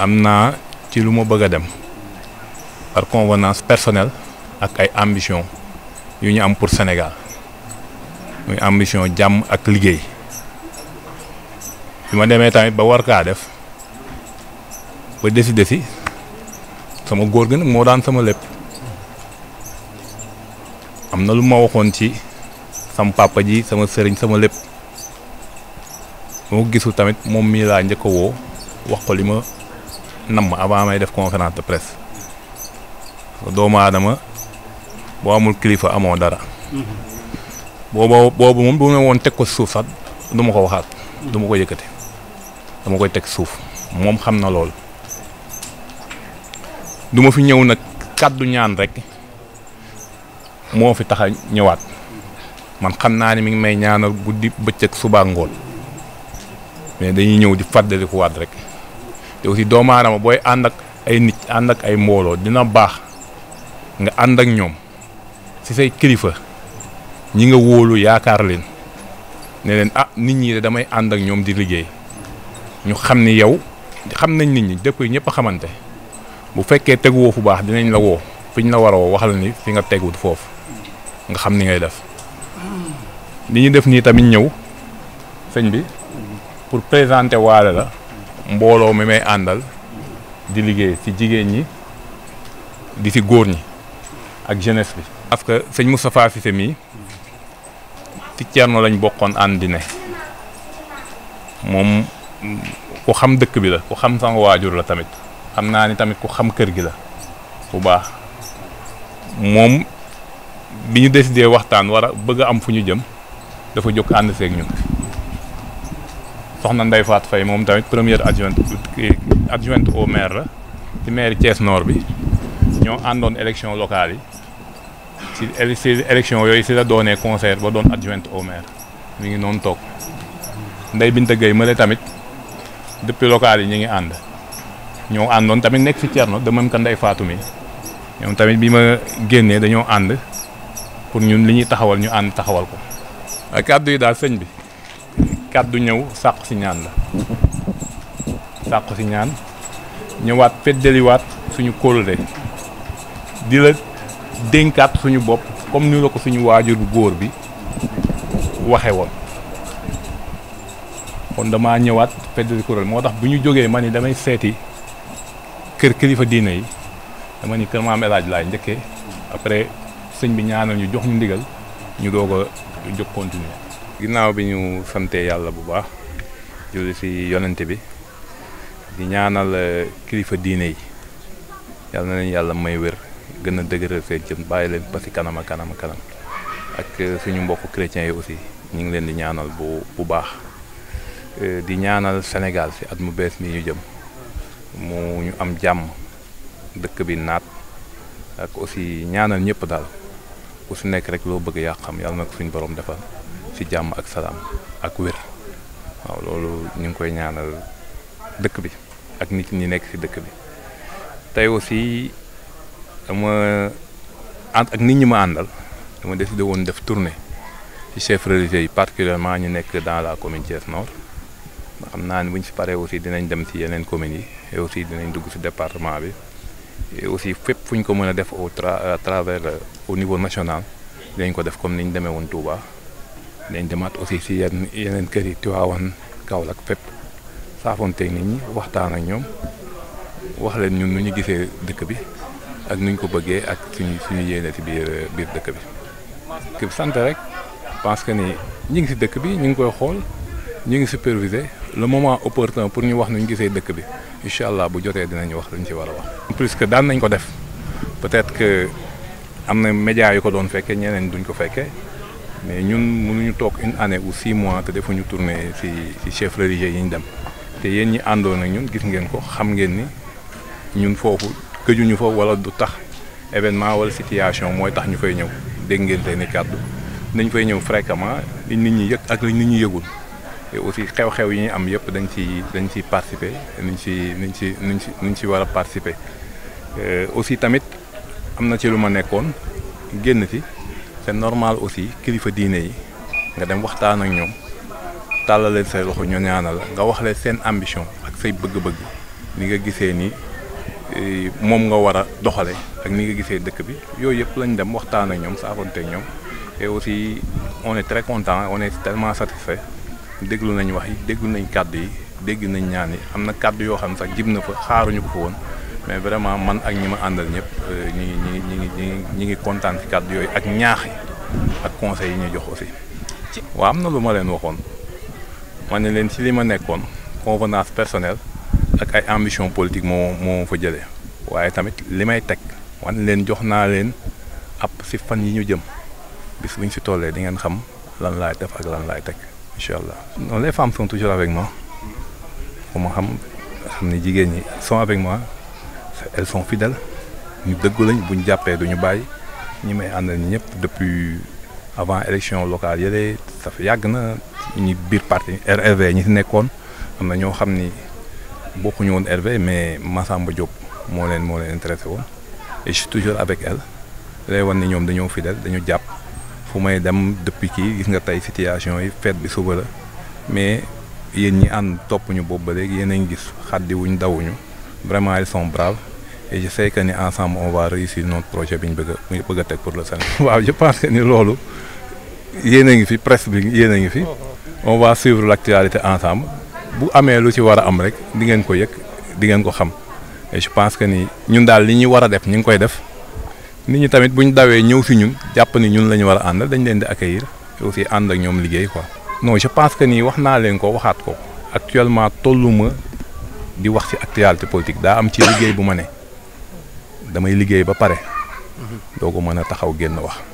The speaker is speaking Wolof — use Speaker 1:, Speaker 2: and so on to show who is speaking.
Speaker 1: am ci luma ma bëgg dem par convenance personnelle ak ay ambition yu ñu am pour Sénégal muy ambition jam ak liggéey bima ma tamit ba war ka def ba desi ci sama gor gën mo daan sama lepp am na waxon ci sama papa ji sama sëriñ sama lepp mo gisul tamit mom mi la ñëk wo wax ko lima namm avant may def conférence de presse doomu aadama boo amul kilifa amoo dara. boobu boobu moom bu ma woon teg ko suuf sax duma ko waxaat. duma ko yëkkate dama koy teg suuf moom xam na lool duma fi ñëw nag kàddu ñaan rek moo fi tax a ñëwaat man xam naa ni mi ngi may ñaanal guddi bëccëg subaa ngoon mais dañuy ñëw di fàddalikuwaat rek. te aussi doomu aadama booy ànd ak ay nit ànd ak ay mbooloo dina baax nga ànd ak ñoom ci say kilifa ñi nga wóolu yaakaar leen ne leen ah nit ñi de damay ànd ak ñoom di liggéey ñu xam ni yow xam nañ nit ñi dëkk ñëpp a xamante bu fekkee teguwoo fu baax dinañ la woo fi la war a woo ni fi nga teguwut foofu nga xam ni ngay def hmm. li def nii tamit ñëw sëñ bi pour présenter waale la. mbolo mi may andal di liggéey si jigéen ñi di ci góor ñi ak jeunesse bi. parce que sëñ Moustapha Cissé mi ci Thierno lañ bokkoon àndi ne moom xam dëkk bi la ko xam sang wajur la tamit xam naa ni tamit ku xam kër gi la bu baax mom bi ñu décidé waxtaan bëgg am fu ñu jëm dafa jóg ànd seeg ñun. soxna ndey Fatou Faye moom tamit première adjointe adjointe au maire la ci maire Thiès Nord bi ñoo àndoon élection locale yi ci ci élection yooyu si la doonee conseiller ba doon adjointe au maire mi ngi noonu toog Ndeye Binta Gueye mële tamit depuis locale yi ñu ngi ànd ñoo àndoon tamit nekk si Thierno de même que Ndeye Fatou mi ñoom tamit bi ma génnee dañoo ànd pour ñun li ñuy taxawal ñu ànd taxawal ko ak kàddu yi daal sëñ bi. kàddu ñëw sàqu si ñaan la sàqu si ñaan ñëwaat feddaliwaat suñu kóolute di la dénkaat suñu bopp comme ni la ko suñu waajur bu góor bi waxe woon kon damaa ñëwaat feddali kuréel moo tax bu ñu jógee ma ni damay seeti kër kilifa diine yi dama ni kër maam El Hadj laay njëkke après sëñ bi ñaanal ñu jox ñu ndigal ñu doog a jóg continuer ginnaaw bi ñu sante yàlla bu baax julli si yonente bi di ñaanal eh, kilifa diine yi yàlla na leen yàlla may wér gën a dëgëral seen jëm bàyyi leen ba si kanam a kanam a kanam ak eh, suñu mbokku chrétien yi aussi ñu ngi leen di ñaanal bu bu baax eh, di ñaanal sénégal si at mu bees mi ñu jëm mu ñu am jàmm dëkk bi naat ak aussi ñaanal ñëpp daal ku si nekk rek loo bëgg yaa xam yàlla na ko borom defal ci jàmm ak salaam ak wér waaw loolu ñu ngi koy ñaanal dëkk bi ak nit ñi nekk ci dëkk bi tey aussi dama ànd ak nit ñi ma àndal dama décidé woon def tournée ci chefs religieux yi particulièrement ñu nekk dans la commune Thiès Nord xam naa ne bu ñu si paree aussi dinañ dem si yeneen communes yi aussi dinañ dugg si département bi aussi fépp fu ñu ko mën a def au tra à travers euh, au niveau national dinañ ko def comme ni ñu demee woon Touba. dañ demaat aussi si yenn yeneen kër yi Tiwaawan Kaolack fépp saafonteeg nit ñi waxtaan ak ñoom wax leen ñun nu ñu gisee dëkk bi ak nuñ ko bëggee ak suñu suñu yéene si biir biir dëkk bi ki sant rek parce que ni ñi ngi si dëkk bi ñu ngi koy xool ñu ngi superviser le moment opportun pour ñu wax nuñ gisee dëkk bi incha allah bu jotee dinañ wax luñ ci war a wax plus que daan nañ ko def peut-être que am na média yu ko doon fekkee ñeneen duñ ko fekkee mais ñun mënuñu toog une année ou six mois te defuñu tournée ci ci chef religieux yi ñu dem te yéen ñi àndoon ak ñun gis ngeen ko xam ngeen ni ñun foofu këjuñu fa wala du tax événement wala situation mooy tax ñu fay ñëw dégg ngeen seeni kàddu dañ fay ñëw fréquemment nit ñi yëg ak li nit ñi yëgul te aussi xew-xew yi ñu am yëpp dañ ci dañ ciy participer nuñ ci nuñ ci nuñ ci nuñ ci war a participer euh, aussi tamit am na ci lu ma nekkoon génn ci c'est normal aussi kilifa diine yi nga dem waxtaan ak ñoom tàllal say loxo ñu ñaanal nga wax leen seen ambition ak say bëgg-bëgg ni nga gisee ni eh, moom nga war a doxale ak ni nga gisee dëkk bi yooyu yëpp lañ dem waxtaan ak ñoom saafonteeg ñoom et aussi on est très content on est tellement satisfait déglu nañ wax yi déglu nañ kàddu yi dégg nañ ñaan yi am na kàddu yoo xam sax jib na fa xaaruñu ko fa woon mais vraiment man ak ñi ma àndal ñëpp eh, ñi ñi ngi kontaan ci kàddu yooyu ak ñaax ak conseils yi ñu jox aussi. waa am na lu ma leen waxoon ma ne leen ci li ma nekkoon convenance personnelle ak ay ambition politique moo moo fa jëlee waaye tamit li may teg wan leen jox naa leen ab ci fan yi ñu jëm bis bu ñu ci tollee di ngeen xam lan laay def ak lan laay teg incha allah. non les femmes sont toujours avec moi ku ma xam xam ni jigéen ñi sont avec moi elles sont fidèles. ñu dëggu lañ buñ jàppee duñu bàyyi ñi may ànd ñi ñëpp depuis avant élection locale yële sa fait yàgg na ñi biir parti v ñi si nekkoon am na ñoo xam ni bokkuñu woon RV mais Massamba Diop moo leen moo leen intéressé woon et je toujours avec elle lay wan ni ñoom dañoo fidèle dañu jàpp fu may dem depuis kii gis nga tey situation yi fête bi suba la mais yéen ñi ànd topp ñu boobu ba léegi yéen a ngi gis xaddi dawuñu vraiment ils sont braves et que ni ensemble on va réussir notre projet bi ñu bëgg a bëgg a teg pour le Sénégal. waaw je pense que ni loolu yéen a ngi fi presse bi yéen a ngi fi on va suivre l' actualité ensemble bu amee lu ci war a am rek di ngeen ko yëg di ngeen ko xam je pense que ni ñun daal li ñuy war a def ñu ngi koy def nit ñu tamit bu ñu dawee ñëw si ñun jàpp ni ñun la ñu war a ànd dañ leen di accueillir et aussi ànd ak ñoom liggéey ko no je pense que nii wax naa leen ko waxaat ko actuellement tolluma di wax ci actualité politique daa am ci liggéey bu ma ne. damay liggéey ba pare mhm. doo ko mën a taxaw génn wax